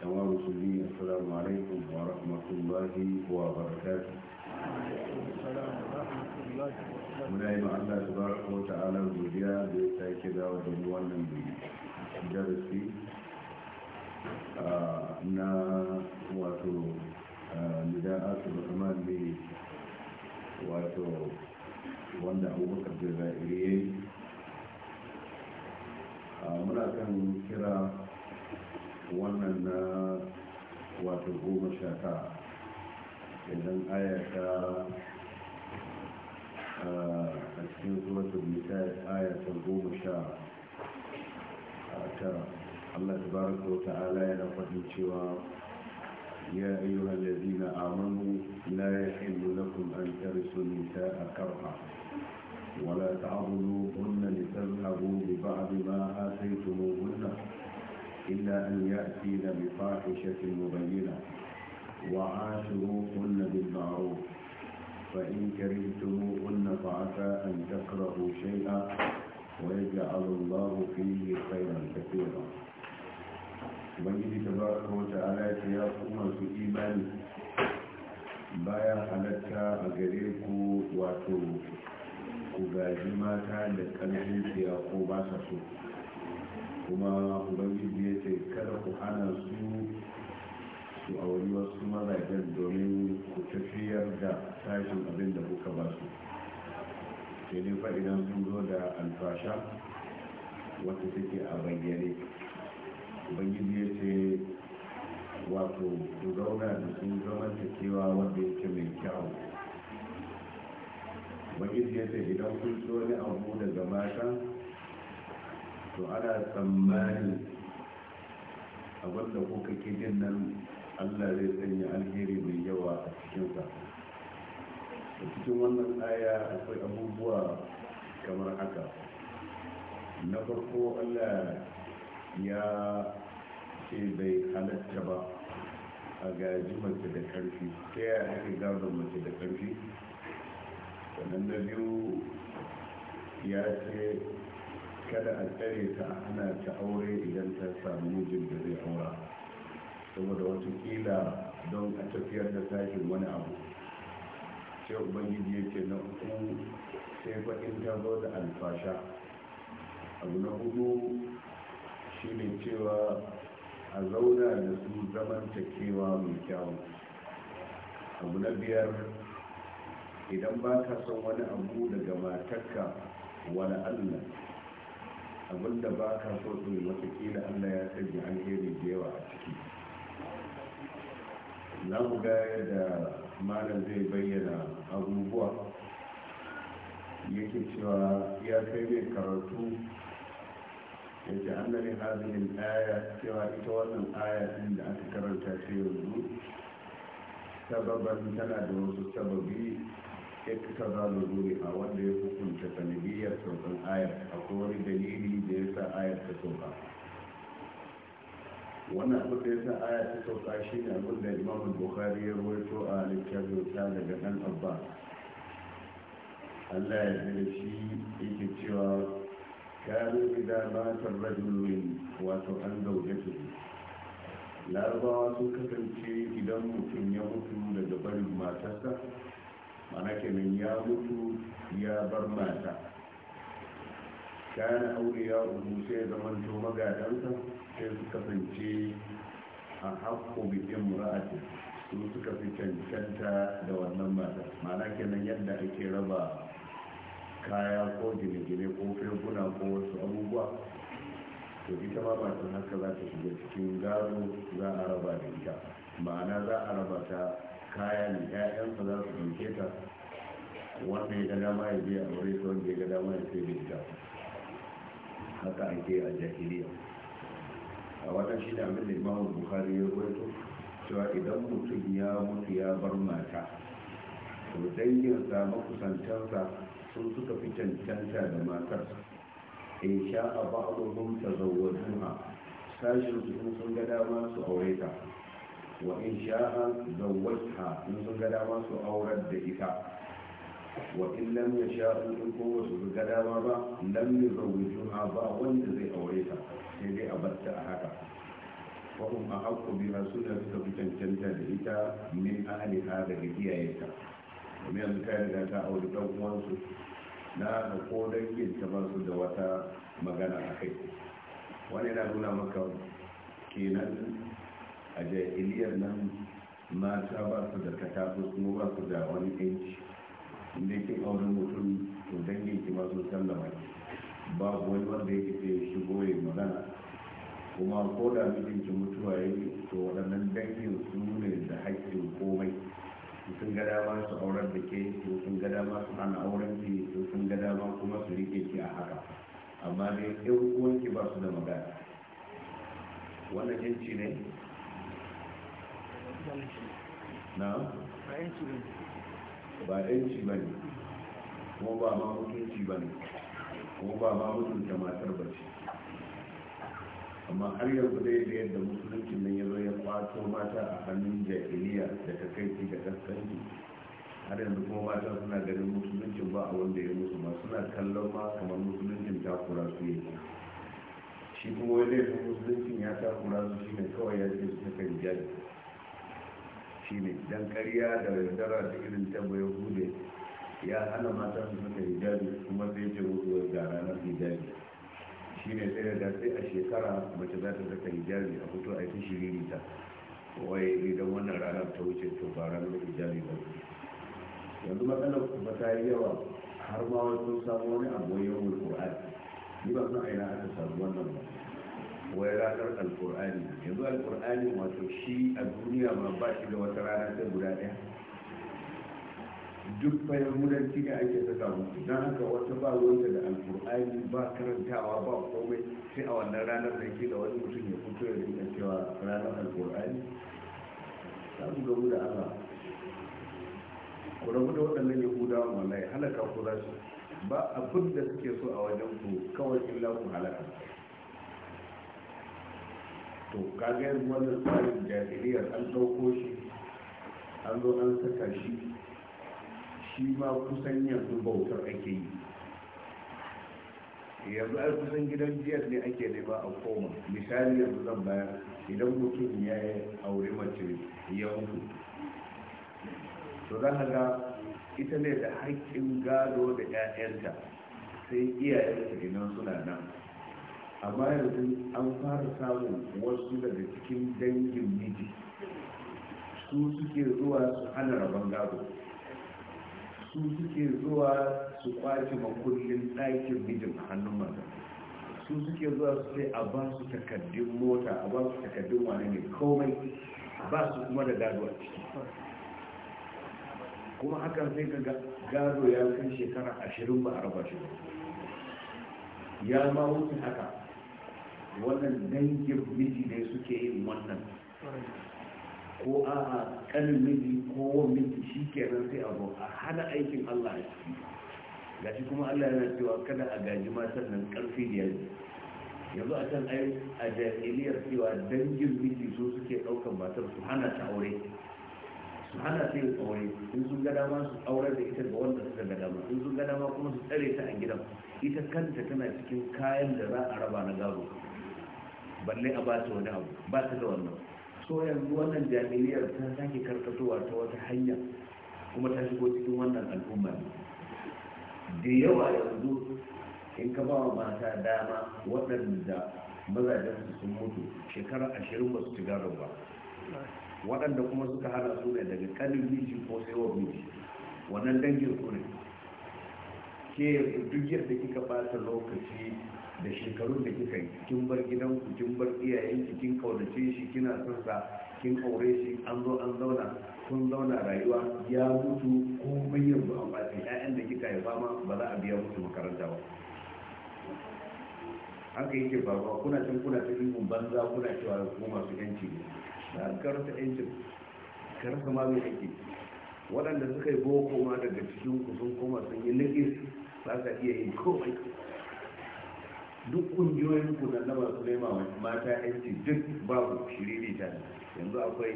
jama'a musulmi assalamu alaikum wa rahmatullahi wa barakatuh muna yi ma'alla su ba ko ta'alar godiya da ya sake dawo da wannan darasi na wato nida'atu rahman ne wato wanda abubakar da za'iri muna kan kira wannan na wato goma sha tara idan ayata a cikin suratul misal ayata goma sha tara Allah tabaraka wa ta'ala yana faɗin cewa ya ayyuhal ladina amanu la yahillu lakum an tarisu nisaa karha ولا تعضلوهن لتذهبوا ببعض ما آتيتموهن أن يأتين بفاحشة مبينة وعاشروهن بالمعروف فإن كرهتموهن فعسى أن تكرهوا شيئا ويجعل الله فيه خيرا كثيرا وإن تبارك وتعالى يا أمة إيمان بايا حلتك أجريك واتو وقاجماتا لكالحيث يا أقوبات صوتك kuma ubangiji ya ce kada ku hana su su auri wasu mazajen domin ku tafiyar da tashin abin da kuka ba su sai dai fa'idan sun zo da alfasha wata take a bayyane ubangiji ya ce wato ku zauna da sun ta kewa wanda yake mai kyau ubangiji ya ce idan kun so ne abu daga mata to ana tsammanin abinda kuka kijin nan allah zai sanya alheri mai yawa a cikinsa a cikin wannan aya akwai abubuwa kamar haka na farko allah ya ce bai halatta ba a gaji mace da karfi ta yaya ake gado mace da karfi sannan na biyu ya ce kada a tsare ta ana ta aure idan ta samu mijin da zai aura saboda wata watakila don a tafiyar da sashen wani abu sai ubangiji ya ce na uku sai baƙin ta zo da alfasha abu na hudu shine cewa a zauna da su zaman takewa mai kyawun abu na biyar idan ba ka son wani abu daga matakka wani allah abinda ba ka so ɗin watakila allah ya an alheri da yawa a ciki na buga ga yadda malam zai bayyana abubuwa yake cewa ya kai mai karatu ya ce an nari hazinin aya cewa ita wannan aya ɗin da aka karanta ce yanzu sababan tana da wasu sababi za iktara a wanda ya hukunta sanadiyar saukan ayar a kowane dalili da ya sa ayar ta sauka wannan abin da ya sa ayar ta sauka shi ne abin da imam bukhari ya rawaito a littafin sa daga dan abba allah ya da shi yake cewa kanu idan matar rajul min wato an zaujatu larabawa sun kasance idan mutum ya mutu daga barin matarsa mana kenan ya mutu ya bar mata kana aure ya uku sai zamanto magadansa sai su kasance a haƙƙo bikin mura'atin su suka fi cancanta da wannan mata mana kenan yadda ake raba kaya ko gine-gine ko firguna ko wasu abubuwa to ita ma masu haka za ta shiga cikin gado za a raba da ita ma'ana za a raba ta kaya ne ƴaƴansa za su ɗauke ta wanda ya gada ma ya biya aure su wanda ya gada ma ya sai bai haka ake a jahiliya a wata shi da abin da imamu bukari ya rawaito cewa idan mutum ya mutu ya bar mata to danginsa makusantansa sun suka fi cancanta da matar in sha a zauwa tazawwajuha sashin su sun gada dama su aure ta wa in sha'a zawwajha in sun ga dama su aurar da ita wa in lam yasha'u in ko su ga dama ba lam yuzawwijuha ba wanda zai aure ta sai dai a barta a haka wa hum ahqqu bi rasulina suka fi da ita min ahliha daga iyayenta domin yanzu ta riga ta aure dan uwansu na ko danginta ba su da wata magana a kai wani yana nuna maka kenan a jahiliyar nan mata ba su da katako kuma ba su da wani yanci inda ke auren mutum to dangin ki ba sun sallama ki ba wani wanda yake ke shigo ya magana kuma ko da mijin ki mutuwa ya yi to waɗannan dangin su ne da haƙƙin komai sun ga dama su auren da ke sun ga dama su hana auren ki sun ga dama kuma su rike ki a haka amma dai ɗan uwanki ba su da magana wannan yanci ne na ba yanci ba ne kuma ba ma mutunci ba ne kuma ba ma mutunta matar bace. ce amma har yanzu dai da yadda musuluncin nan ya zo ya kwato mata a hannun jahiliya da ta kai da kaskanci har yanzu kuma mata suna ganin musuluncin ba a wanda ya musu ma suna kallon ma kamar musuluncin kura su yake shi kuma wani laifin musuluncin ya takura su ne kawai ya ce su ta kan shine dan karya da yaudara da irin tabo ya hude ya hana mata su mata hijabi kuma sai ce musu ga ranar hijabi shine sai da sai a shekara mace za ta saka hijabi a fito a yi shiriri ta wai idan wannan ranar ta wuce to ba ranar hijabi ba yanzu matsalar kuma ta yi yawa har ma wasu samu wani abu yawon ƙur'ani ni ba san aina aka samu wannan ba wai ranar alkur'ani yanzu alkur'ani wato shi a duniya ma ba shi da wata rana ta guda ɗaya duk bayan mudanci da ake saka mu, don haka wata ba wanda da alkur'ani ba karantawa ba komai sai a wannan ranar da ke da wani mutum ya fito ya rika cewa ranar alkur'ani ta gamu da allah ku rabu da waɗannan yahudawa wallahi halaka ku za su ba abin da suke so a wajen ku kawai illa ku halaka to kaga wannan tsarin jahiliyar an ɗauko shi an zo an saka shi shi ma kusan yanzu bautar ake yi yanzu a kusan gidan jiyar ne ake nema a koma misali yanzu zan bayar idan mutum ya yi aure mace ya mutu to za ka ga ita ne da haƙƙin gado da 'ya'yanta sai iyayenta idan suna nan A amma yanzu an fara samun wasu daga cikin dangin miji su suke zuwa su hana rabon gado su suke zuwa su kwace makullin ɗakin mijin a hannun mata su suke zuwa su sai a ba su takardun mota a ba su takardun wani ne komai ba su kuma da gado a ciki kuma hakan sai ka gado ya kai shekara ashirin ba a raba ya ma wuce haka wannan dangin miji ne suke yin wannan ko a kanin miji ko miji shi kenan sai abu a hana aikin allah a ciki gashi kuma allah yana cewa kada a gaji matan nan karfi da yanzu yanzu a can ai a jahiliyar cewa dangin miji su suke daukan matar su hana ta aure su hana ta yin aure in sun ga dama su aurar da ita ga wanda suka ga dama in sun ga dama kuma su tsare ta a gidan ita kanta tana cikin kayan da za a raba na gado balle a ba wani abu ba ta da wannan so yanzu wannan jami'ar ta sake karkatowa ta wata hanya kuma ta shigo cikin wannan al'umma da yawa yanzu in ka ba mata dama waɗanda mazajen su sun mutu shekara ashirin ba su ci garin ba waɗanda kuma suka hana su ne daga kanin miji ko sai wa miji wannan dangin su ne ke duk yadda kika ɓata lokaci da shekarun da kika yi kin bar gidanku kin bar iyayenki kin kaunace shi kina son sa kin aure shi an zo an zauna kun zauna rayuwa ya mutu komai ba ba sai ƴaƴan da kika haifa ma ba za a biya mutu makaranta ba haka yake faruwa kuna can kuna ta ihun banza kuna cewa ku masu yanci ne da karsa yancin karfa ma mai aiki waɗanda suka yi boko ma daga cikin ku sun koma sun yi nagis za ka iya yin komai duk kungiyoyin ku na labar sulema mata yanci duk babu shiriri ta yanzu akwai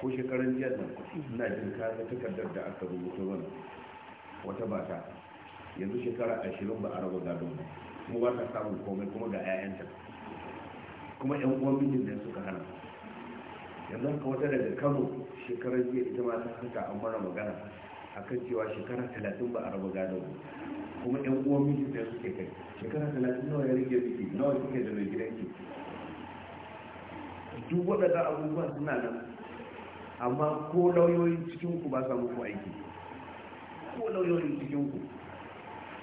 ko shekarun jiya nan ina jin kasa takardar da aka rubuta wani wata mata yanzu shekara ashirin ba a raba gadon ba kuma ba ta samun komai kuma ga 'ya'yanta kuma 'yan uwan mijin da suka hana yanzu haka wata daga kano shekarun jiya ita ma ta haka an mana magana akan cewa shekara talatin ba a raba gadon ba kuma yan uwan miji sai suke kai shekara talatin nawa ya rike miki nawa suke da mai gidanki duk waɗanda abubuwa suna nan amma ko lauyoyin cikinku ba sa muku aiki ko lauyoyin cikinku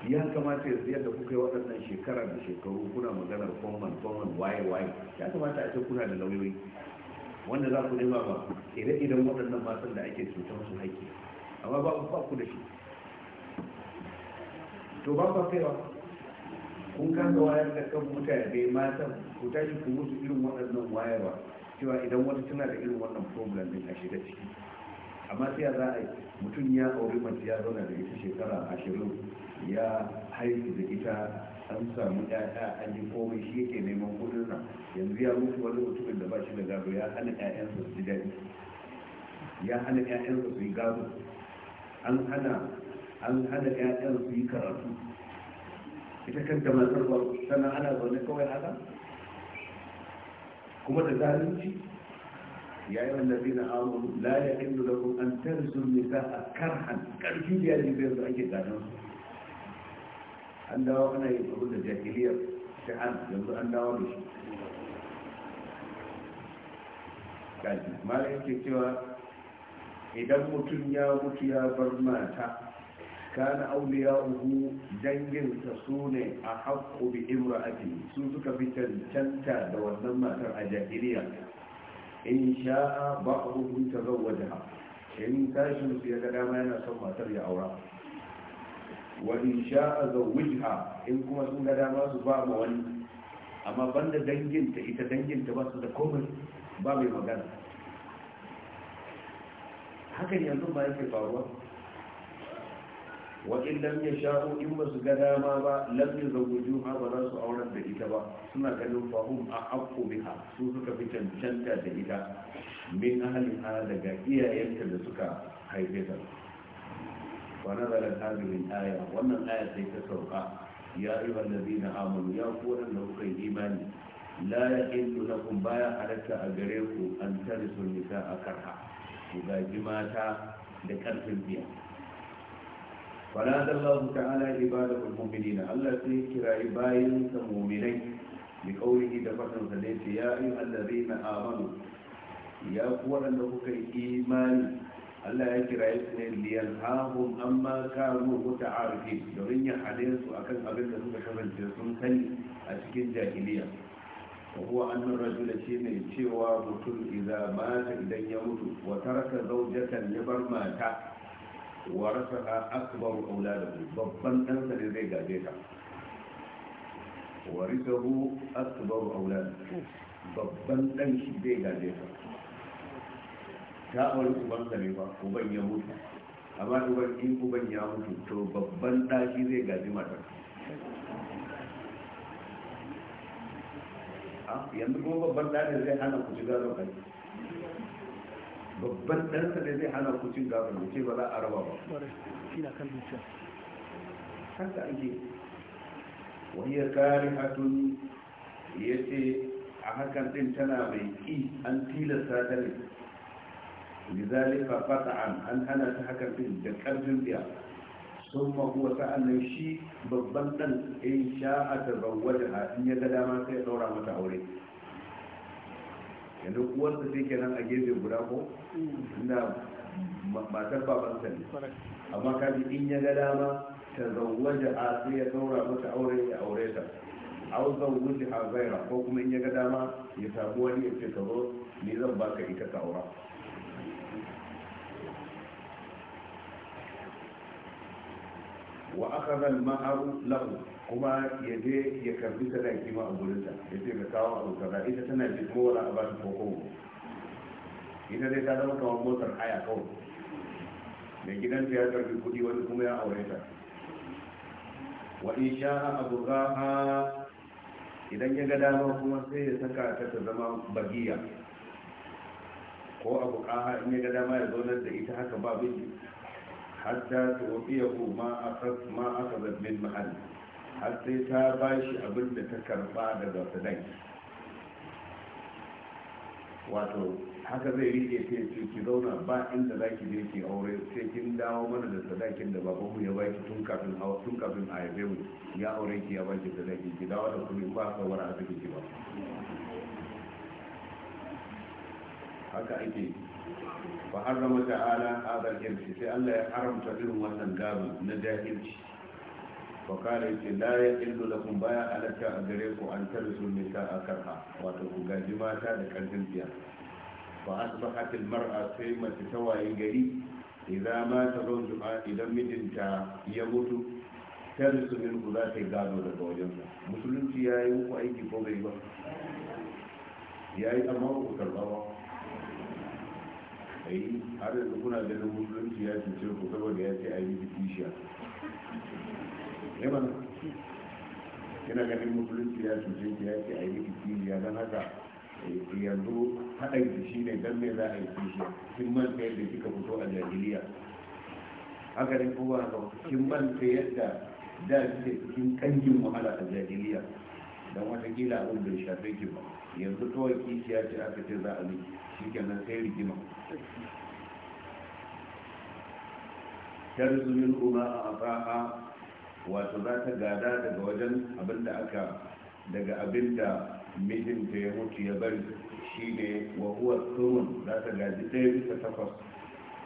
ya kamata ya yanzu da kuka yi waɗannan shekara da shekaru kuna maganar kwamman kwamman waye waye ya kamata a ce kuna da lauyoyi wanda za ku nema ba ire idan waɗannan matan da ake cutar su haƙƙi amma ba ku da shi to ba ba ba kun kan ga wayar da kan mutane mata, ku tashi ku musu irin waɗannan wayarwa cewa idan wata tana da irin wannan problem din a shiga ciki amma sai za a yi mutum ya auri mace ya zauna da ita shekara ashirin ya haihu da ita an samu ɗaya an yi komai shi yake neman kudin nan yanzu ya mutu wani mutumin da ba shi da gado ya hana ƴaƴansa su ji daɗi ya hana ƴaƴansa su yi gado an hana an hana ƴaƴan su yi karatu ita kanta matar ba sannan ana zaune kawai haka kuma da zalunci ya yi wanda zai na amuru la ya inda da kuma an tarzu za a karhan karfi da yaji biyar da ake gadon su an dawo ana yin abu da jahiliyar an yanzu an dawo da shi kaji mara yake cewa idan mutum ya mutu ya bar mata kana auliya'uhu danginsa su a haƙƙo bi imra'ati su suka fi cancanta da wannan matar a jahiliya in sha'a ba a hukunta zawajaha in tashin su ya ga yana son matar ya aura wa in sha'a zawujha in kuma sun ga dama ba ma wani amma banda danginta ita danginta ba su da komai ba mai magana hakan yanzu ba yake faruwa wa'in lam ya in ba su ga dama ba lam ya ha ba za su auren da ita ba suna ganin fahim a haƙƙo biha su suka fi cancanta da ita min ahaliha daga iyayenta da suka haife ta wa nazara hadhihi aya wannan aya sai ta sauka ya ayyuha allazina amanu ya ku da kuka yi imani la yahillu lakum baya halatta a gare ku an tarisu a karha ku gaji mata da karfin biya فنادى الله تعالى عباده المؤمنين الله سيكر عباده المؤمنين بقوله دفعنا سليت يا أيها الذين آمنوا يا أقوال أنه إيمان الله يكر عباده لينهاهم أما كانوا متعارفين لغن يحدث أكد أبن لهم كمن تسنسل أشكين جاهلية وهو أن الرجل شيء شوى مثل إذا مات إذا يموت وترك زوجة يبر ماتا warasaha akbaru auladahu babban ɗansa ne zai gaje ka. warisahu akbaru auladahu babban ɗan shi zai gaje ka. ta aure ubansa ne ba uban ya mutu amma uban in uban ya mutu to babban ɗa shi zai gaji matar ah, yanzu kuma babban ɗa zai hana ku shiga zaune babban ɗansa ne zai hana ku cin gafin da ce ba za a raba ba haka ake wahiyar kare hatun ya ce a hakan ɗin tana mai ƙi an tilasta ta ne lizalika fata'an an hana ta hakan ɗin da ƙarfin biya sun wata annan shi babban ɗan in sha'a ta a in ya ga dama sai ya ɗaura mata aure yanzu uwarsa sai kenan a gefe guda ko inda matar babansa ne amma kaji in ya ga dama ta zawwaja a sai ya daura mata aure ya aure ta aw wuce a zaira ko kuma in ya ga dama ya samu wani ya ce ka zo zan baka ita ka aura wa aka zan ma'aru lahu kuma ya je ya karbi sadaki ma a gurinta ya ce ka kawo abu kaza ita tana ji kuma wala a ba ta koko ita dai ta zama kamar motar haya kawai mai ta ya karbi kudi wani kuma ya aure ta wa in sha'a abu raha idan ya ga dama kuma sai ya saka ta ta zama bagiya ko abu kaha in ya ga dama ya zonar da ita haka ba biki hatta tuwafiya ma ma aka zabbin mahalli har sai ta ba shi abin da ta karba daga sadaki wato haka zai rike ta yi ki zauna ba inda za ki je ki aure sai kin dawo mana da sadakin da mu ya baki tun kafin tun kafin a yabe mu ya aure ki ya ki sadaki ki dawo da kuɗi ba wara a cikin ki ba haka ake fa harrama ta'ala hadal irsi sai Allah ya haramta irin wannan gado na jahilci fakara ce la ya illu lakum baya halatta a gare ku an tarisu nisa a karha wato ku gaji mata da karfin biya fa asbahat al mar'a sai mace ta waye gari idan ma ta zawjuha idan mijinta ya mutu tarisu min ku za ta gado daga wajen sa musulunci ya yi muku aiki ko bai ba ya yi amma ku karba ba ai har yanzu kuna ganin musulunci ya cuce ku saboda ya ce a yi bikishiya yana eh, ganin musulunci ya cuce ki ya ce a yi miki ya don haka eh, yanzu haɗar da shi ne don me za a yi kishiya kin manta yadda kika fito a jahiliya haka ne kuma haka kin manta yadda da kike cikin kangin wahala a jahiliya don watakila abin da shafe ki ba yanzu kawai ya ce aka ce za a yi shi kenan sai rigima ترزم الأماء أطاعا wato za ta gada daga wajen abinda aka daga abinda mijinta ya mutu ya bari shi ne wa huwa tsohon za ta gaji ɗaya bisa takwas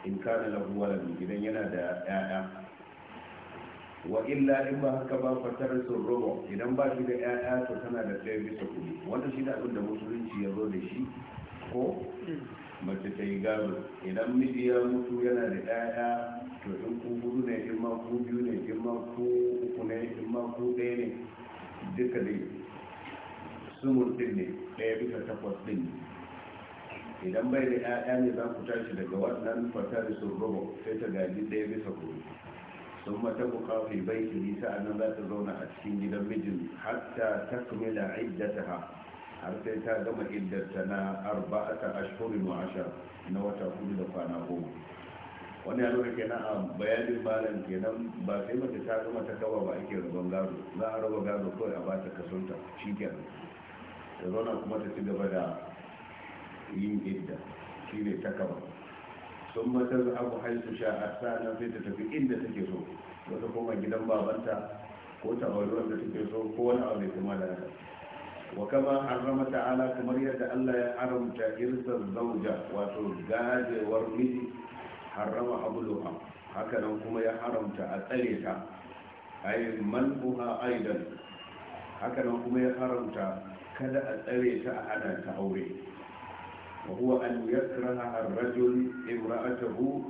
in kana lahu waladu idan yana da 'ya'ya wa illa in ba haka ba fatar sun robo idan ba shi da 'ya'ya to tana da ɗaya bisa kuɗi wata shi da abin da musulunci ya zo da shi ko hmm. mace ta yi gado idan miji ya mutu yana da 'ya'ya to in ku gudu ne in ma ku biyu ne in ma ku uku ne in ma ku ɗaya ne duka dai sumur ɗin ne ɗaya bisa takwas ɗin ne idan bai da 'ya'ya ne za ku tashi daga waɗannan fatari sun rubo sai ta gaji ɗaya bisa kuɗi sun mata bukafi bai baiki nisa a nan za ta zauna a cikin gidan mijin hatta takmila ha. har sai ta gama iddarta na arba'ata ashhurin wa ashar na wata hudu da kwana goma wani ya nuna kenan a bayanin malam kenan ba sai mace ta gama ta kawa ba ake rabon gado za a raba gado kawai a bata kasonta shi kenan ta zauna kuma ta ci gaba da yin idda shi ne ta kawa sun mata abu haisu sha a sa'anan sai ta tafi inda take so wata koma gidan babanta ko ta da wanda take so ko wani abu mai kuma da haka wa kama harrama ta'ala kamar yadda Allah ya haramta irzar zauja wato gajewar miji harrama abuluha haka nan kuma ya haramta a tsare ta ay manuha aidan haka nan kuma ya haramta kada a tsare ta a hada ta aure wa huwa an yakraha ar-rajul imra'atahu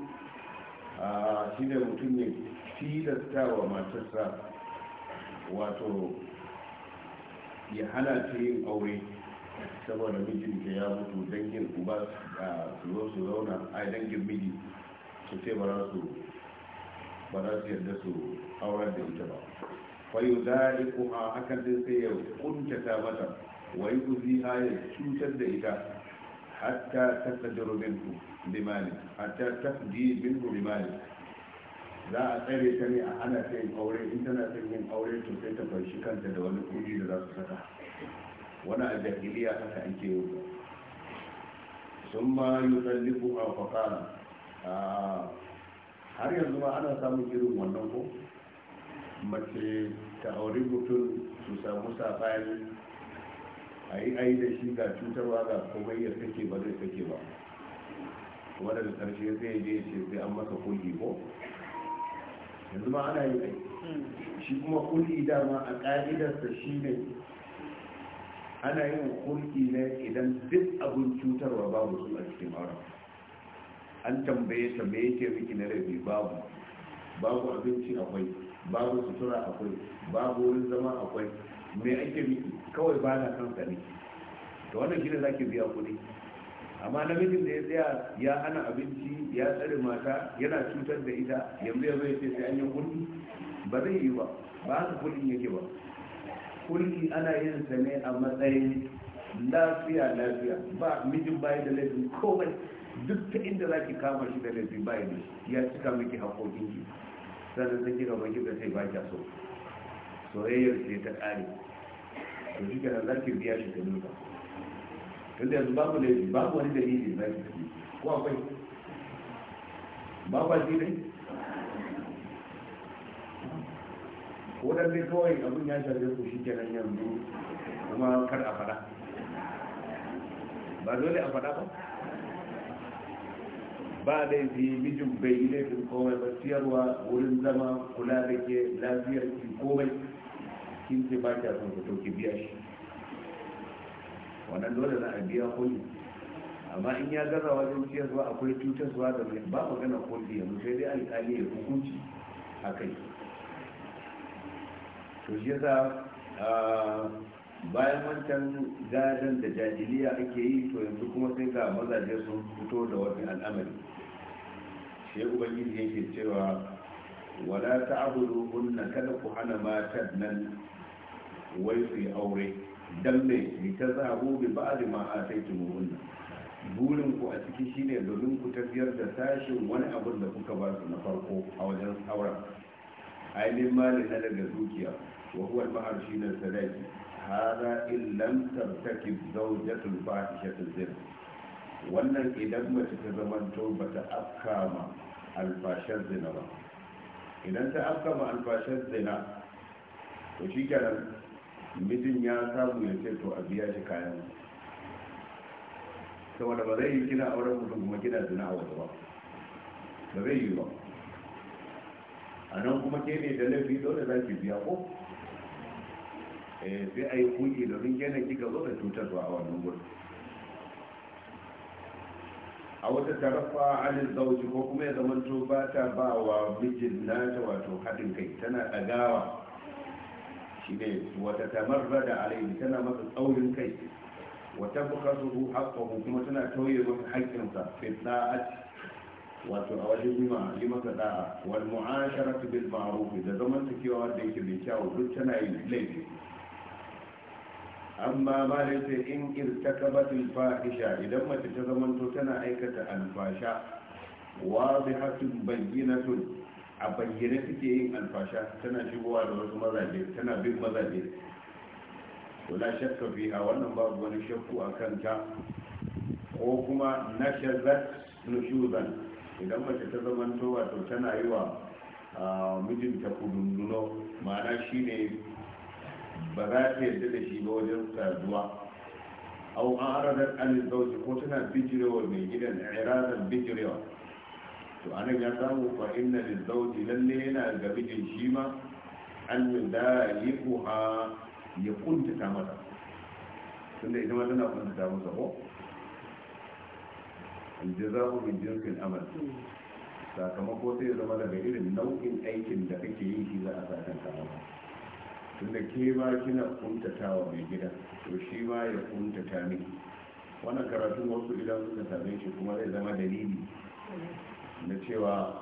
shi ne mutum ne tilasta wa matarsa wato ya hana ta yin aure saboda mijinta ya mutu dangin uba a zo su zauna a dangin miji su ce ba za su yarda su aurar da ita ba fayu yi kuma hakan din sai ya kuntata mata wa yi kuzi ya cutar da ita hatta ta tsadaro ku limani hatta ta ji ku limani za a tsare ta ne a hana ta yin aure in tana son yin aure to sai ta farshi kanta da wani kudi da za su saka wani a jahiliya haka ake yi sun ma yi tsallifu a fakara ah, har yanzu ma ana samun irin wannan ko mace ta auri mutum su samu saɓani a yi ai da shi ga cutarwa ga komai ya sake ba zai sake ba wadda da ƙarshe zai je ce sai an masa kogi ko yanzu ma ana yi aiki shi kuma kulki dama a ƙa'idarsa shi ne ana yin kulki ne idan duk abin cutarwa babu su a cikin auren an tambaye ta me yake miki na rabi babu babu abinci akwai babu sutura akwai babu wurin zama akwai me ake miki kawai ba na kan ne to wannan shi ne za ki biya kuɗi amma namijin da ya tsaya ya hana abinci ya tsare mata yana cutar da ita yanzu ya zai ce sai an yi kulli ba zai yi ba ba haka kullin yake ba kulli ana yin sa ne a matsayin lafiya lafiya ba mijin bayan da laifin komai duk ta inda za ki kama shi da laifin bayan da ya cika miki haƙoƙin ki sannan sai kira baki da sai baki so soyayyar ce ta ƙare to shi kenan za ki biya shi ta nuka tunda yanzu babu laifi babu wani dalili na yi ko akwai ba ba ne ko da dai kawai abin ya shafe ku shi kenan yanzu kuma kar a faɗa ba dole a faɗa ba ba dai fi mijin bai yi laifin komai ba siyarwa wurin zama kula da ke lafiyar ki komai kin ce ba kya son ku to biya shi wannan dole za a biya amma in ya gaza wajen zuwa akwai zuwa da mai ba magana kulli yanzu sai dai alƙali ya hukunci a kai to shi yasa bayan wancan gadon da jajiliya ake yi to yanzu kuma sai ga mazaje sun fito da wani al'amari shi ubangiji yake cewa wala ta hunna kada ku hana matan nan wai su yi aure dalle mai ta ba bi da ma ataytumuhunna burin ku a ciki shine domin ku tafiyar da tashin wani abin da kuka ba su na farko a wajen saura ainihin malin na daga dukiya wa huwa al shi na sadaki hada in lam tartakib zawjatul fahishatul zina wannan idan mace ta zama ba ta afkama alfashar zina ba idan ta afkama alfashar zina to shi kenan mijin ya samu ya ce to a biya shi kayan saboda ba zai yi gina auren mutum kuma gina zina a wasu ba ba zai yi ba a nan kuma ke ne da laifi dole za ki biya ko eh, sai a yi kuɗi domin kenan kika zo da cutarwa a wannan gurin a wata tarafa alin zauci ko kuma ya to ba ta ba wa mijin nata wato haɗin kai tana ɗagawa shi ne wata tamarra da alaihi tana masa tsaurin kai wata bukatuhu haƙƙahu kuma tana tauye masa haƙƙinsa fi sa'ati wato a wajen yi yi masa da'a wal mu'asharatu bil ma'ruf da zaman kewa wanda yake mai kyau duk tana yin laifi amma ba da yake in irtakabat al fahisha idan mace ta zamanto tana aikata alfasha fasha wadihatun bayyinatun a bayyane suke yin alfasha tana shigowa da wasu mazaje tana bin mazaje to la shakka a wannan babu wani shakku a kanta ko kuma nashazat nushuzan idan mace ta towa to tana yi wa mijinta kudunduno ma'ana shine ba za ta yarda da shi ba wajen saduwa au an aradar an ko tana bijirewa mai gidan iradan bijirewa to anan ya samu fa inna lizawji lalle yana ga mijin shi ma an yudaliquha ya kuntata mata tunda ita ma tana kuntata masa ko ku min jinsil amal sakamako sai zama daga irin nau'in aikin da kake yi shi za a sakanta maka tunda ke ba kina wa mai gida to shi ma ya kuntata miki wannan karatun wasu idan suka same shi kuma zai zama dalili na cewa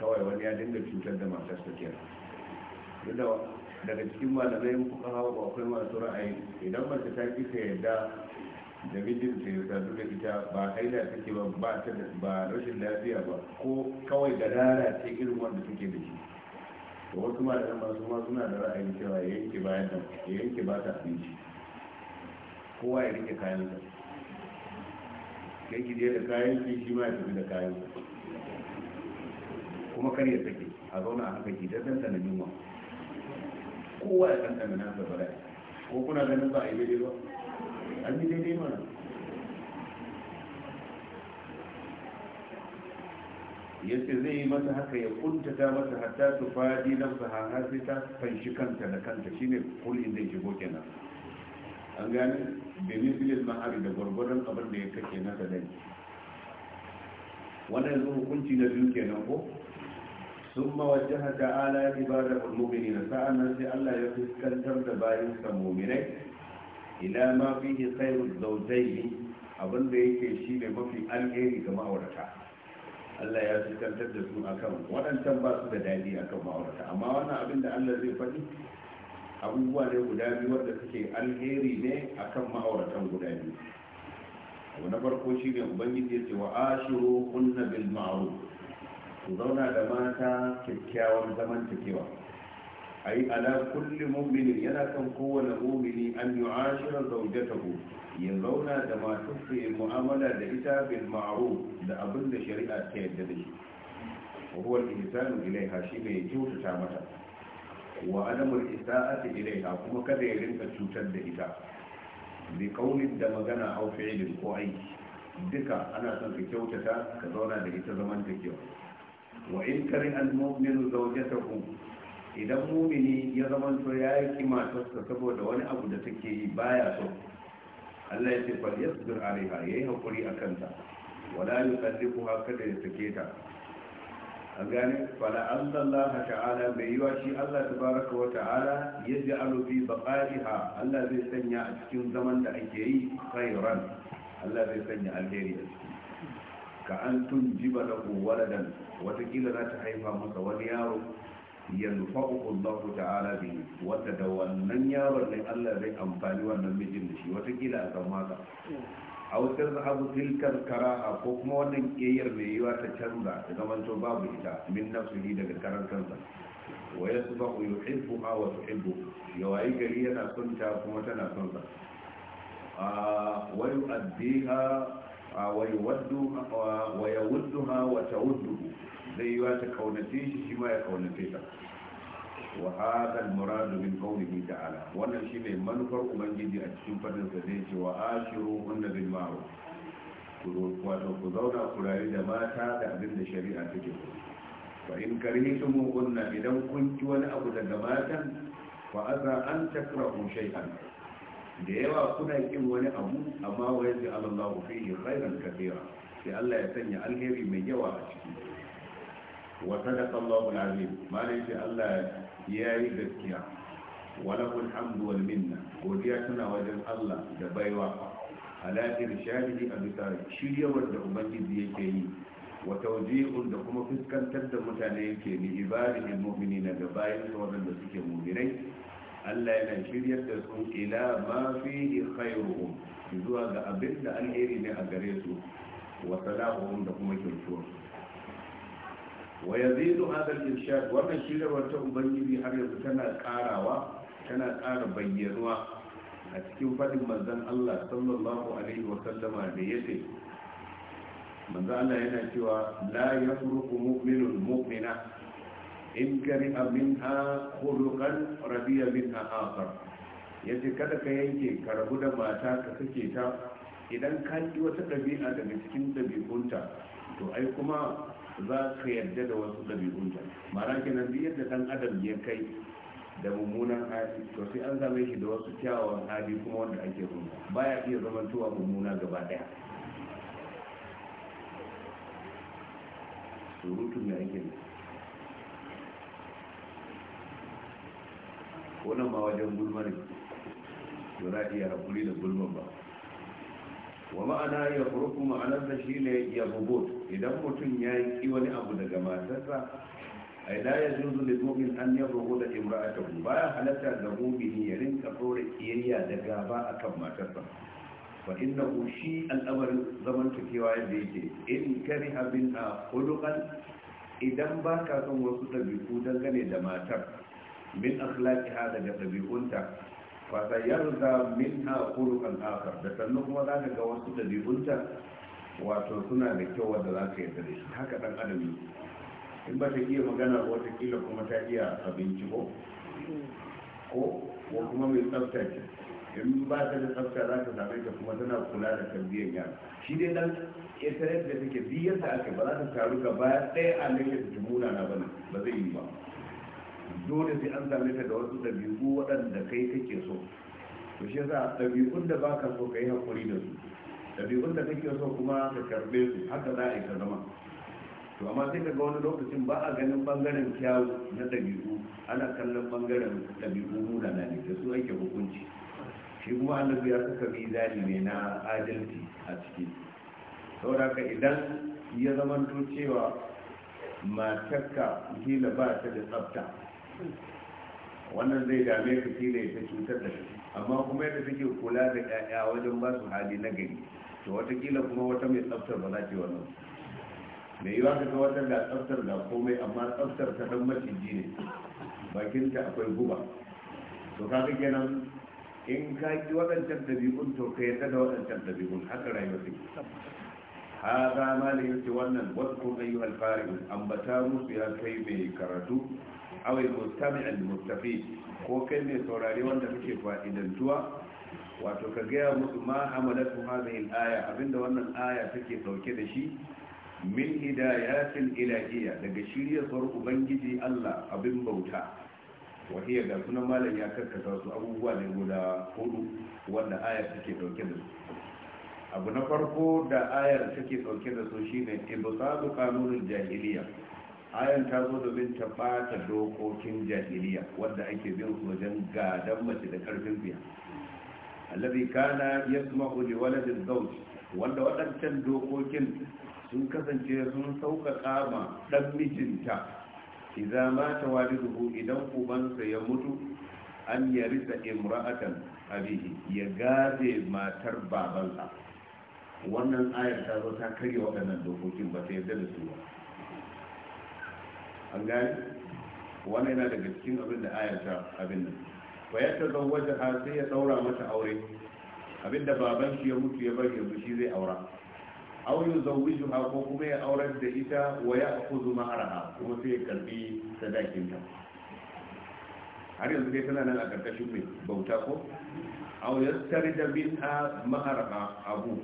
kawai wani ya dinga cutar da matar sa kenan daga cikin malamai kuka hawa ba kai masu ra'ayi idan mace ta ki ta yadda da mijinta yi sadu da ita ba haila take ba ba ta ba rashin lafiya ba ko kawai da rara ce irin wanda take da shi to wasu malamai masu ma suna da ra'ayin cewa ya yanke bayan ya yanke ba ta abinci kowa ya rike kayan sa kai ki je da kayan ki shi ma ya tafi da kayan sa kuma kar ya sake a zauna a haka gidan dandana yunwa kowa ya dandana nasa bala'i ko kuna ganin ba a yi daidai ba an yi daidai mana ya ce zai yi masa haka ya kuntata masa hatta su fadi nan su har sai ta fanshi kanta da kanta shine kulin zai shigo kenan an gane domin filin ma'ari da gwargwadon abin da ya kake na da dai wannan yanzu hukunci na biyu kenan ko ثم وجه تعالى عباده المؤمنين فأنا في الله يفسكن ترد باين سمومنين إلى ما فيه خير الزوجين أظن بيك الشيء ما في الغير كما ورتا Allah ya fuskantar da su akan waɗancan ba su da daɗi akan ma'aurata amma wannan abin da Allah zai faɗi abubuwa ne guda biyu wanda suke alheri ne akan ma'auratan guda biyu abu na farko shi ne ubangiji ya ce wa ashiru kunna bil ma'ruf ku zauna da mata kyakkyawar zaman takewa yi ala kulli mu'minin yana kan kowane mu'mini an yi yu'ashira zawjatahu ya zauna da su yi mu'amala da ita bin ma'aru da abin da shari'a ta yadda da shi ruwan isa ihsanu ilaiha shi ya kyautata mata wa adamul isa'ati ilaiha kuma kada ya rinka cutar da ita bi kaunin da magana au fi'ilin ko aiki duka ana son ka kyautata ka zauna da ita zaman ta wa in kari al-mu'minu zawjatahu idan mumini ya zama to ya yi ta saboda wani abu da take yi baya so Allah ya ce fa yasbir alaiha yayi hakuri akan ta wala yukallifu kada ya take ta an gane fala Allah ta'ala bai wa shi Allah tabaraka wa ta'ala yaj'alu fi baqaiha Allah zai sanya a cikin zaman da ake yi khairan Allah zai sanya alheri a ka an tun jiba da waladan watakila za ta haifa masa wani yaro yanfa'uhu Allah ta'ala bihi wanda da wannan yaron ne Allah zai amfani wannan mijin da shi watakila a zama ka a wutar zahabu tilkar karaha ko kuma wannan ƙeyar mai yiwa ta canza da zamanto babu ita min nafsu ni daga karan kansa wa yasbahu yuhibbuha wa tuhibbu yawayi gari yana son ta kuma tana son sa ah, wa yu'addiha wa ya wudduha wa ta wudduhu zai yi wata kaunace shi shi ma ya kaunace ta wa hada al-muradu min qawlihi ta'ala wannan shi ne manufar ubangiji a cikin fadin sa zai ce wa ashiru hunna bil ma'ruf ku wato ku zauna ku rayu da mata da abin da shari'a take ku fa in karihtumu hunna idan kun ki wani abu daga matan fa aza an takrahu shay'an da yawa kuna kin wani abu amma wa yaji Allah fihi khairan kathira sai Allah ya sanya alheri mai yawa a ciki wa sadaqa Allahu alazim malai sai Allah yayi gaskiya walahu alhamdu wal minna godiya tana wajen Allah da baiwa ala irshadihi a bisa shiryawar da ubangiji yake yi wa tawji'un da kuma fuskantar da mutane yake ni ibadihi mu'minina da bayin waɗanda suke mu'minai Allah yana shiryar da sun ila ma fihi khairuhum zuwa ga abin da alheri ne a gare su wa salahuhum da kuma kyautuwar wa yazidu hadha al-irshad wannan shiryarwar ta ubangiji har yanzu tana karawa tana kara bayyanuwa a cikin fadin manzon Allah sallallahu alaihi wa sallama da yace manzon Allah yana cewa la yasruqu mu'minun mu'mina in kariha minha khuluqan radiya ha akhar yadda kada ka yanke ka rabu da mata ka kake ta idan ka yi wata ɗabi'a daga cikin ɗabi'unta to ai kuma za ka yarda da wasu ɗabi'unta mara kenan biyar da ɗan adam ya kai da mummunan hali to sai an zama shi da wasu kyawawan hali kuma wanda ake ba baya iya zamantowa mummuna gaba ɗaya surutun ya ake nuna ko nan wajen gulma ne ba za a iya haƙuri da gulman ba wa ma'ana ya ma'anar da shi ne ya bugot idan mutum ya yi ki wani abu daga matarsa a la ya zo da mumin an ya bugu da imra'atahu baya halatta da mumini ya rinka tsore kiyayya da gaba akan matarsa fa inna shi al'amarin zaman takewa yadda yake in kari abin a hulukan idan ba ka son wasu ɗabi'u dangane da matar min akhlaqiha daga dabi'unta fa sayarza minha khuluqan akhar da sannan kuma za zaka ga wasu dabi'unta wato suna da kyau wanda za ka yarda da shi haka dan adam ne in ba ta iya magana wata kila kuma ta iya abinci ko ko kuma mai tsafta ce in ba ta da tsafta za ta same ta kuma tana kula da tarbiyyar yara shi dai dan ƙetare da take biyar da ake ba za ta taru gaba ɗaya a nake ta muna na bane ba zai yi ba dole sai an same ta da wasu ɗabi'u waɗanda kai kake so to shi yasa ɗabi'un da ka so ka yi haƙuri da su ɗabi'un da kake so kuma ka karɓe su haka za a yi ka zama to amma sai ka ga wani lokacin ba a ganin ɓangaren kyawu na ɗabi'u ana kallon ɓangaren ɗabi'u nuna na ne da su ake hukunci shi kuma annabi ya saka mizani ne na adalci a ciki saboda idan ya zamanto cewa matarka gila ba ta da tsafta wannan zai dame ka shi ne ta cutar da amma kuma yadda take kula da ƴaƴa wajen ba su hali na gari to watakila kuma wata mai tsaftar ba za ta yi wannan mai yiwa ka ga wata da tsaftar da komai amma tsaftar ta dan maciji ne bakinta akwai guba to ga kenan in ka ki waɗancan ɗabi'un to ka yarda da waɗancan ɗabi'un haka rayuwa take za ma da yace wannan wasu yi qari'un ambata musu ya kai mai karatu awai mustami al-mustafi ko kai mai saurari wanda kake fa'idantuwa wato ka gaya musu ma hamalatu hadhihi al-aya abinda wannan aya take dauke da shi min hidayatil ilahiyya daga shiryar ubangiji Allah abin bauta wahiya ga sunan malam ya karkata su abubuwa ne guda hudu wanda aya take dauke da su abu na farko da ayar take dauke da su shine ibtalu qanunul jahiliya ayan ta zo domin ta bata dokokin jahiliya wanda ake bin wajen gadon mace da karfin biya allazi kana yasma'u li waladin zawj wanda waɗancan dokokin sun kasance sun sauƙaƙa ma ɗan mijinta idza mata waliduhu idan ubansa ya mutu an yarisa imra'atan abihi ya gaze matar babansa wannan ayar ta zo ta karya waɗannan dokokin ba ta yarda da su ba an gani wannan yana daga cikin abin da ayata abin nan fa ya tazawwaja ha sai ya daura mata aure abin da baban shi ya mutu ya bari yanzu shi zai aura aw yuzawwiju ha ko kuma ya aurar da ita wa ya akhudhu maharaha kuma sai ya karbi sadakin ta har yanzu dai tana nan a karkashin mai bauta ko aw yastarida minha maharaha abu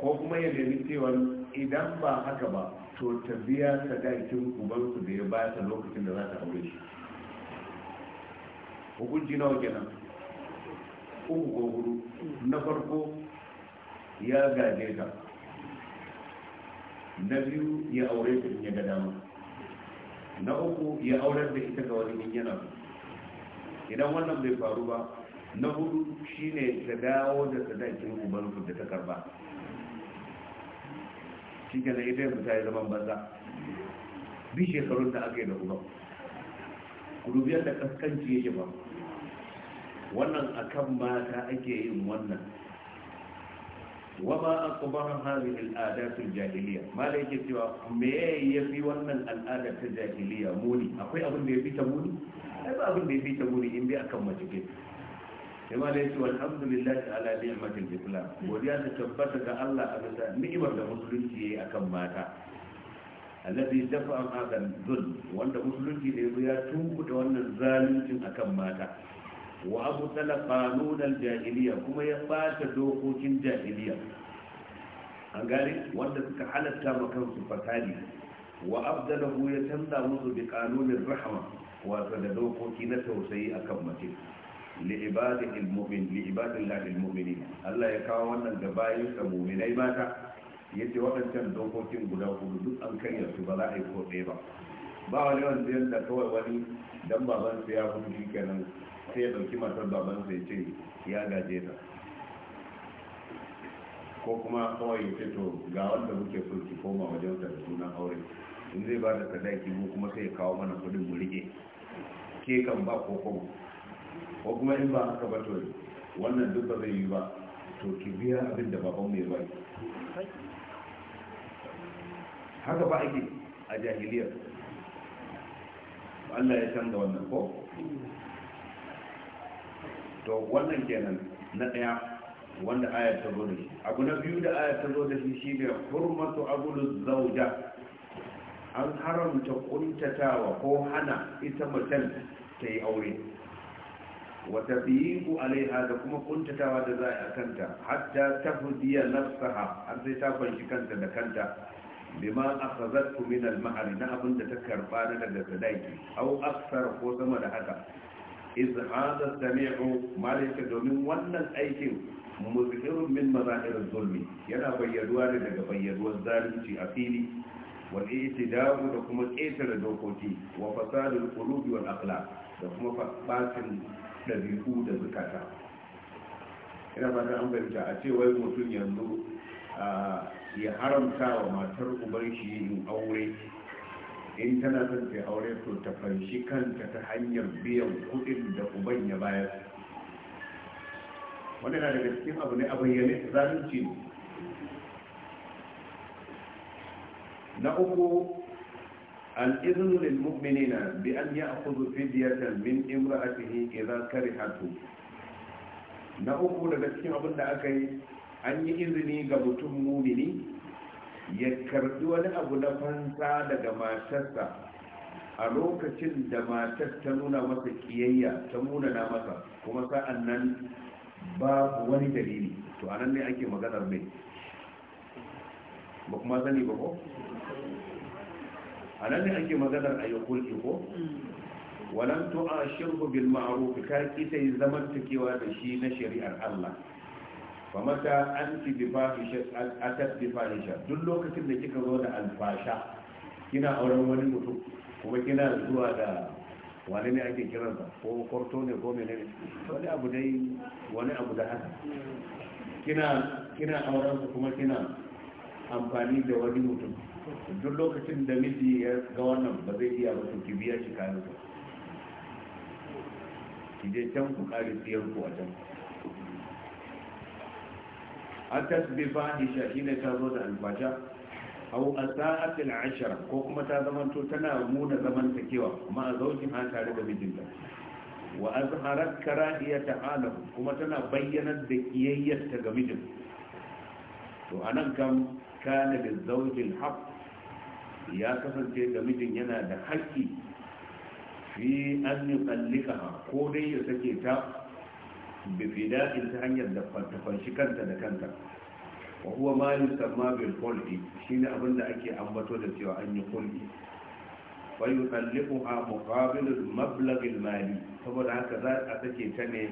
ko kuma ya nemi cewa idan ba haka ba to ta biya sadakin ubansu da ya ba ta lokacin da za ta aure shi hukunci nawa kenan uku ko hudu na farko ya gaje ta na biyu ya aure ta in ya ga dama na uku ya aurar da ita ga wani in yana idan wannan bai faru ba na hudu shine ta dawo da sadakin ubansu da ta karba shi ke zai ɗaya mutane zaman banza bi shekarun da aka yi da kuma kurubiyar da kaskanci yake ba wannan akan mata ake yin wannan wa ba a hadhihi al'adat al-jahiliya da yake cewa me fi wannan al'ada ta jahiliya muni akwai abin da ya fi ta muni ai ba abin da ya fi ta muni in bi akan mace sai ma da yake walhamdulillah ala ni'matil islam godiya ta tabbata ga Allah a bisa ni'imar da musulunci yayi akan mata alladhi dafa'a hadha dhul wanda musulunci da yazo ya da wannan zaluncin akan mata wa abu talaqanun al-jahiliya kuma ya bata dokokin jahiliya an gane wanda suka halatta ma kansu fatali wa abdalahu ya canza musu bi kanunin rahama wato da dokoki na tausayi akan mace li'ibadil mu'min Allah ya kawo wannan ga bayan sa mu'minai mata yace waɗancan dokokin guda hudu duk an karya su ba za a yi ko ɗaya ba ba wani wanda yanda kawai wani dan baban sa ya hudu shikenan sai ya dauki matar baban sa ya ce ya gaje ta ko kuma kawai ya ce to ga wanda muke so ki koma wajen sa da sunan aure in zai ba da sadaki mu kuma sai ya kawo mana kuɗin mu rike ke kan ba ko kuma ko kuma in ba haka ba to wannan duk ba zai yi ba to ki biya abin da baban mai bai haka ba ake a jahiliya Allah ya canza wannan ko to wannan kenan na daya wanda ayar ta zo da shi abu na biyu da ayar ta zo da shi shi ne hurmatu abul zauja an haramta kuntatawa ko hana ita mutum ta yi aure wa tabiyiku alaiha da kuma kuntatawa da za a kanta hatta tafdiya nafsaha har sai ta kwanci kanta da kanta bima akhazatku min al-mahr na abin da ta karba na daga sadaki au aksar ko sama da haka iz hada sami'u malaka domin wannan aikin muzikirun min mazahir zulmi yana bayyaduwa ne daga bayyaduwar zalunci a fili wal i'tida'u da kuma ƙetare dokoki wa fasadul qulubi wal akhlaq da kuma fasatin ɗabi'u da zukata ina ba an a ce wai mutum yanzu ya haramta wa matar uban shi yin aure in tana son ta aure to ta fanshi kanta ta hanyar biyan kuɗin da uban ya bayar wanda na daga cikin abu ne a bayyane zalunci ne na uku الإذن للمؤمنين بأن يأخذوا فدية من امرأته إذا كرهته na uku daga cikin abin da aka yi an yi izini ga mutum mumini ya karbi wani abu na fansa daga matarsa a lokacin da matar ta nuna masa kiyayya ta munana masa kuma sa'an nan babu wani dalili to anan ne ake maganar mai ba kuma sani ba ko a nan ne ake maganar a yi kulki ko walan tu'ashirhu bil ma'ruf ka ki sai zaman takewa da shi na shari'ar Allah fa mata anti bi fahishat atat bi fahisha duk lokacin da kika zo da alfasha kina auren wani mutum kuma kina zuwa da wani ne ake kiransa ko kwarto ne ko menene wani abu dai wani abu da haka kina kina auren kuma kina amfani da wani mutum duk lokacin da miji ya ga wannan ba zai iya ba su ki biya shi kayan ku ki je can ku kare siyar ku a can an tasbi shi ne ta zo da albasha aw a al-ashara ko kuma ta zamanto tana muna kewa, ma zaukin ha tare da mijinta wa azharat karahiyata alahu kuma tana bayyanar da ta ga mijin to anan kam kana da zaukin haku ya kasance da mijin yana da haƙƙi fi an yi tsallika ko dai ya sake ta bifida in ta hanyar da shi kanta da kanta wa huwa malin samma bil shi ne abin da ake ambato da cewa an yi kulli wa yi muqabil a mablagh mablagin mali saboda haka za a sake ta ne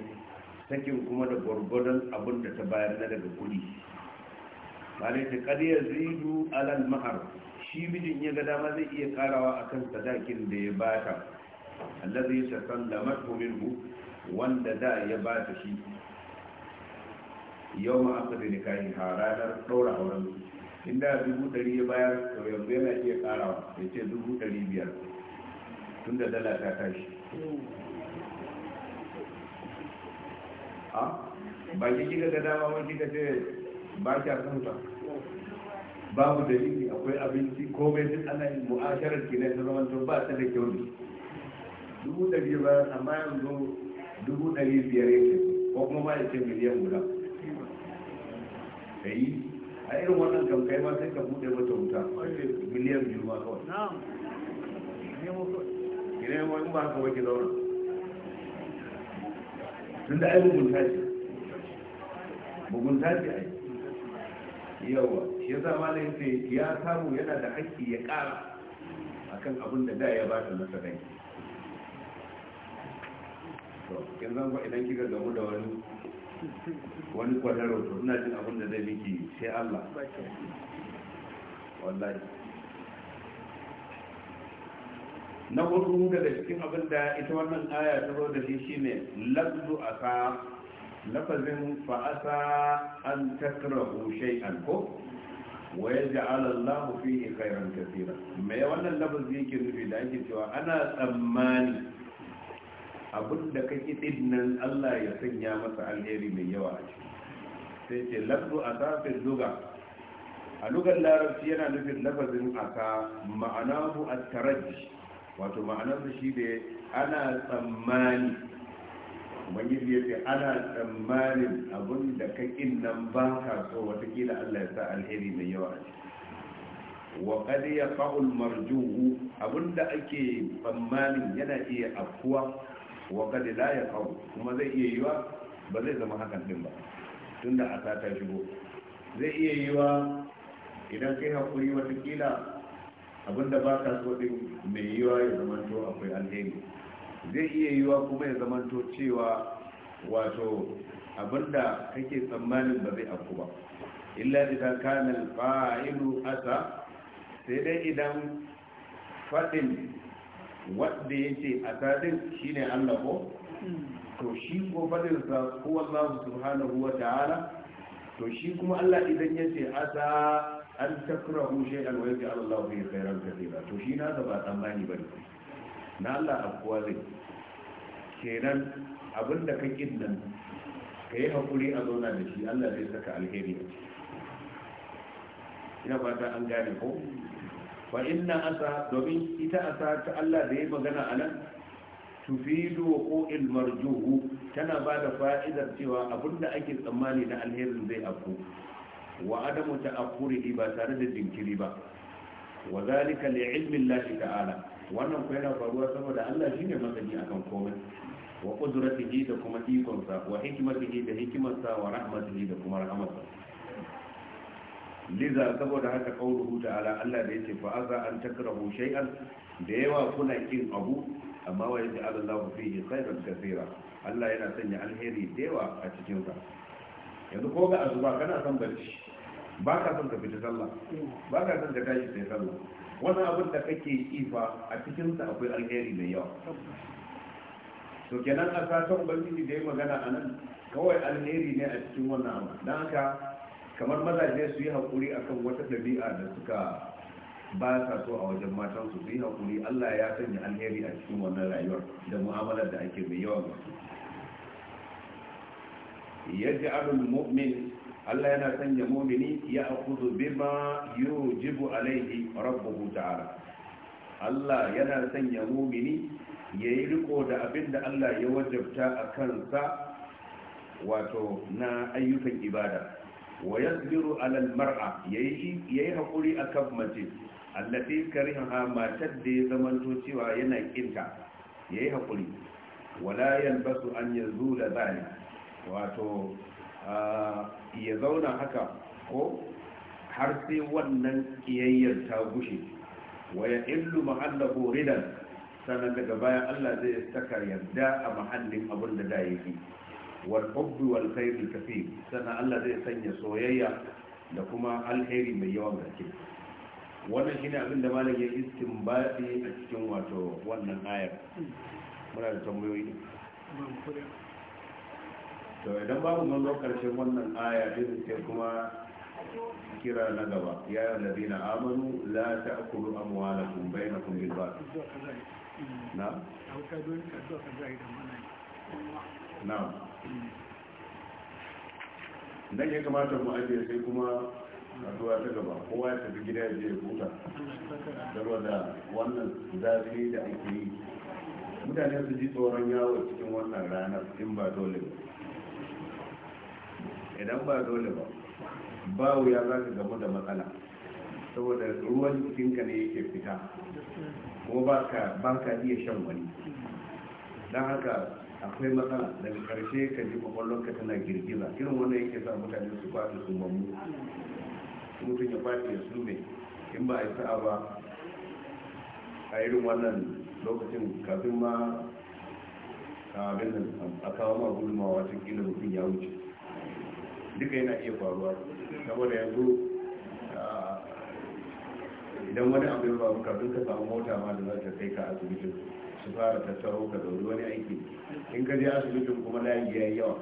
sakin kuma da gwargwadon abin da ta bayar na daga kuɗi malai ta kadiyar zidu alal mahar shi mijin ya ga dama zai iya karawa akan sadakin da ya bata allazi sallama minhu wanda da ya bata shi yau ma aka da nikahi ha ranar ɗaura auren inda dubu ɗari ya bayar to yanzu yana iya karawa ya ce dubu ɗari biyar tun da dala ta tashi a ah, ba ki kika ga dama wani kika ce ba ki a ta. babu dalili akwai abinci komai duk ana yin mu'asharar kinai ta zama tun ba ta da kyau ne dubu ɗari ba amma yanzu dubu ɗari biyar ya ce ko kuma ba ya ce miliyan guda ka yi a irin wannan kankai ma sai ka buɗe mata wuta miliyan biyu ma kawai ki ne ma ba haka wake zauna tun da ai mugunta ce mugunta ce ai yawa shi ya zama da yake ya samu yana da haƙƙi ya ƙara akan abin da da ya ba ta masa rai to in zan ba idan kika gamu da wani wani kwararo to ina jin abin da zai miki sai Allah wallahi na hudu daga cikin abin da ita wannan aya ta zo da shi shine lafzu asa lafazin fa'asa an takrahu shay'an ko wa yaj'al Allahu fihi khairan katira me wannan lafazi yake nufi da ake cewa ana tsammani abin da kake dinnan Allah ya sanya masa alheri mai yawa a ciki sai ce a asafin duga. a lugar larabci yana nufin lafazin ma'ana ma'anahu a taraji wato ma'anarsa shi ne ana tsammani ubangiji ya ce ana tsammanin abin da kakin nan ba ka so watakila allah ya sa alheri mai yawa a wa kada ya fa'ul marjuhu abin da ake tsammanin yana iya afuwa wa kada la ya fa'u kuma zai iya yiwa ba zai zama hakan din ba tunda a ta shigo zai iya yiwa idan kai haƙuri watakila abin da ba ka so din mai yiwa ya zama to akwai alheri zai iya yiwa kuma ya zamanto cewa wato abinda kake tsammanin ba zai abu ba illa da kana fa’ilu asa sai dai idan fadin wanda yake asadin shine Allah ko to shi ko fadin ko Allah subhanahu wa ta'ala to shi kuma Allah idan ce asa an takrahu shay'an wa yaj'al Allah bihi khairan katira to shi na ba tsammani ba bane na Allah abuwa zai kenan abin da ka ƙin nan ka yi hakuri a zauna da shi Allah zai saka alheri ina fata an gane ko fa inna asa domin ita asa ta Allah da ya magana a nan tufidu wa ko'il marjuhu tana ba da fa'idar cewa abinda ake tsammani na alherin zai abu. wa adamu ta afkuri ba tare da jinkiri ba wa zalika li ilmi Allah ta'ala wannan ko yana faruwa saboda Allah shine masani akan komai wa qudratihi da kuma ikonsa wa hikmatihi da sa wa rahmatihi da kuma sa liza saboda haka qauluhu ta'ala Allah da yake fa aza an takrahu shay'an da yawa kuna kin abu amma wa yaj'al Allah fihi khayran kaseera Allah yana sanya alheri da yawa a cikin sa yanzu ko ga azuba kana san barci ba ka son ka fita sallah ba ka son ka tashi sai sallah wani abin da kake yi fa a cikin sa akwai alheri mai yawa to kenan a satan ubangiji da ya magana a nan kawai alheri ne a cikin wannan abu don haka kamar mazaje su yi haƙuri akan wata ɗabi'a da suka ba sa so a wajen matan su yi haƙuri Allah ya sanya alheri a cikin wannan rayuwar da mu'amalar da ake mai yawa gaske yaj'alul mu'min Allah yana sanya mumini ya akuzu bima yujibu alaihi rabbuhu ta'ala Allah yana sanya mumini yayi riko da abin da Allah ya wajabta a kansa wato na ayyukan ibada wa yasbiru ala Mara yayi yayi hakuri akan mace allati kariha matar da ya zamanto cewa yana kinta yayi hakuri wala yalbasu an yazula zalika wato ah, ya zauna haka ko har sai wannan kiyayyar ta gushe Waya ya illu mahallahu ridan sannan daga baya Allah zai saka yarda a mahallin abin da da yake wal hubbi wal khairu kafi sannan Allah zai sanya soyayya da kuma alheri mai yawan gaske wannan shine abin da malam ya istinbadi a cikin wato wannan ayar muna da tambayoyi to idan babu mun karshen wannan aya din sai kuma kira na gaba ya yi ladina amanu la ta'kulu amwalakum bainakum bil batil na na dan ya kamata mu ajiye sai kuma a zuwa ta gaba kowa ya tafi gida ya je ya saboda wannan zafi da ake yi mutane su ji tsoron yawo cikin wannan ranar in ba dole ba idan ba dole ba ba wuya za ka gamu da matsala saboda ruwan jikinka ne yake fita ko ba ka iya shan wani don haka akwai matsala daga karshe ka ji kwakwallonka tana girgiza irin wanda yake sa mutane su kwafi su mamu mutum ya kwafi ya sume in ba a yi sa'a ba a irin wannan lokacin kafin ma a kawo ma gudunmawa cikin mutum ya wuce duka yana iya faruwa saboda yanzu idan wani abu ya faru kafin ka samu mota ma da za ta kai ka asibitin su fara tattaro ka dauri wani aiki in ka je asibitin kuma layi ya yi yawa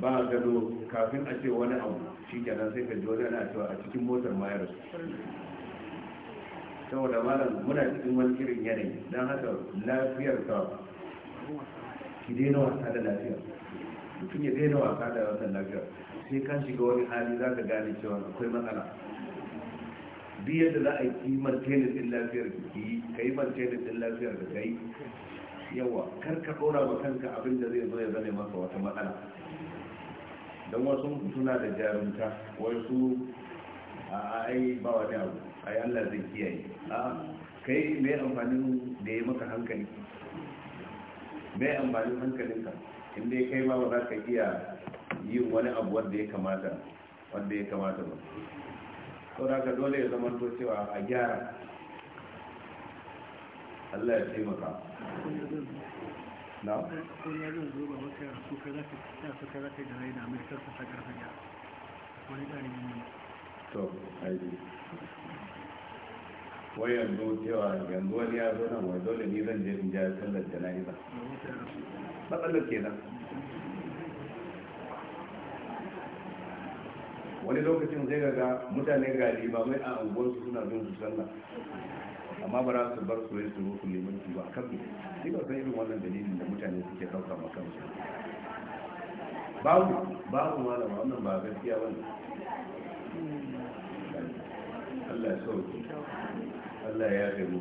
ba gado kafin a ce wani abu shi kenan sai ka ji na ana cewa a cikin motar ma ya rasu saboda malam muna cikin wani kirin yanayi don haka lafiyar ka ki daina wasa da lafiyar tun ya daina wasa da wannan lafiyar sai ka shiga wani hali za ka gane cewa akwai matsala duk yadda za a yi martini din lafiyar ke yi ka yi martini din lafiyar da ka yi yawa kar ka ɗora wa kanka abin da zai zo ya zane masa wata matsala don wasu suna da jarumta wasu a ai ba wani abu yi allah zai kiyaye a kai mai amfanin da ya maka hankali mai amfanin hankalinka in dai kai ma ba za ka iya yin wani abu wanda ya kamata wanda ya kamata ba sau da ka dole ya zama to cewa a gyara allah ya taimaka na? wani yanzu zuwa maka su ka za ka da raina mai karfa ta karfa gyara wani ɗalibin ne to aiki wai yanzu cewa yanzu wani ya zo nan wai dole ni zan je in ja sallar jana'iza matsalar kenan wani lokacin zai gaga mutane gari ba mai a unguwarsu suna bin su sallah amma ba za su bar su yi su rufu su ba kan su ni ba san irin wannan dalilin da mutane suke ɗauka ma kansu babu babu wani, wannan ba gaskiya ba ne Allah ya sauke Allah ya gani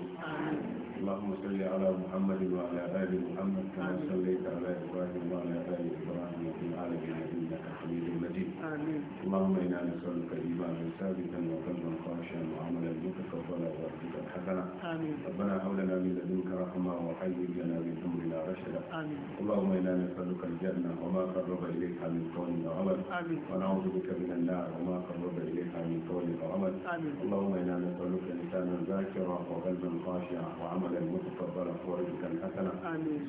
اللهم صل على محمد وعلى آل محمد كما صليت على إبراهيم وعلى آل إبراهيم في العالمين إنك حميد مجيد آمين اللهم إنا نسألك إيمانا ثابتا وقلبا خاشعا وعملا متقبلا وارزقا حسنا آمين ربنا حولنا من لدنك رحمة وحي لنا من أمرنا رشدا آمين اللهم إنا نسألك الجنة وما قرب إليها من قول وعمل آمين ونعوذ بك من النار وما قرب إليها من قول وعمل آمين اللهم إنا نسألك لسانا ذاكرا وقلبا خاشعا وعملا قولا متقبلا فرجك حسنا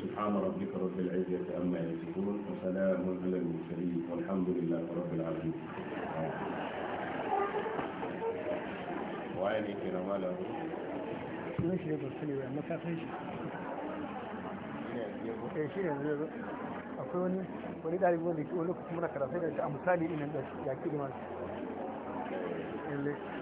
سبحان ربك رب العزة عما يصفون وسلام على المرسلين والحمد لله رب العالمين وعيني كنا ما له ماشي يا برسلي ما كافيش ايش يا akwai wani wani ɗalibi wanda ke wani lokacin أمثالي إن الناس shi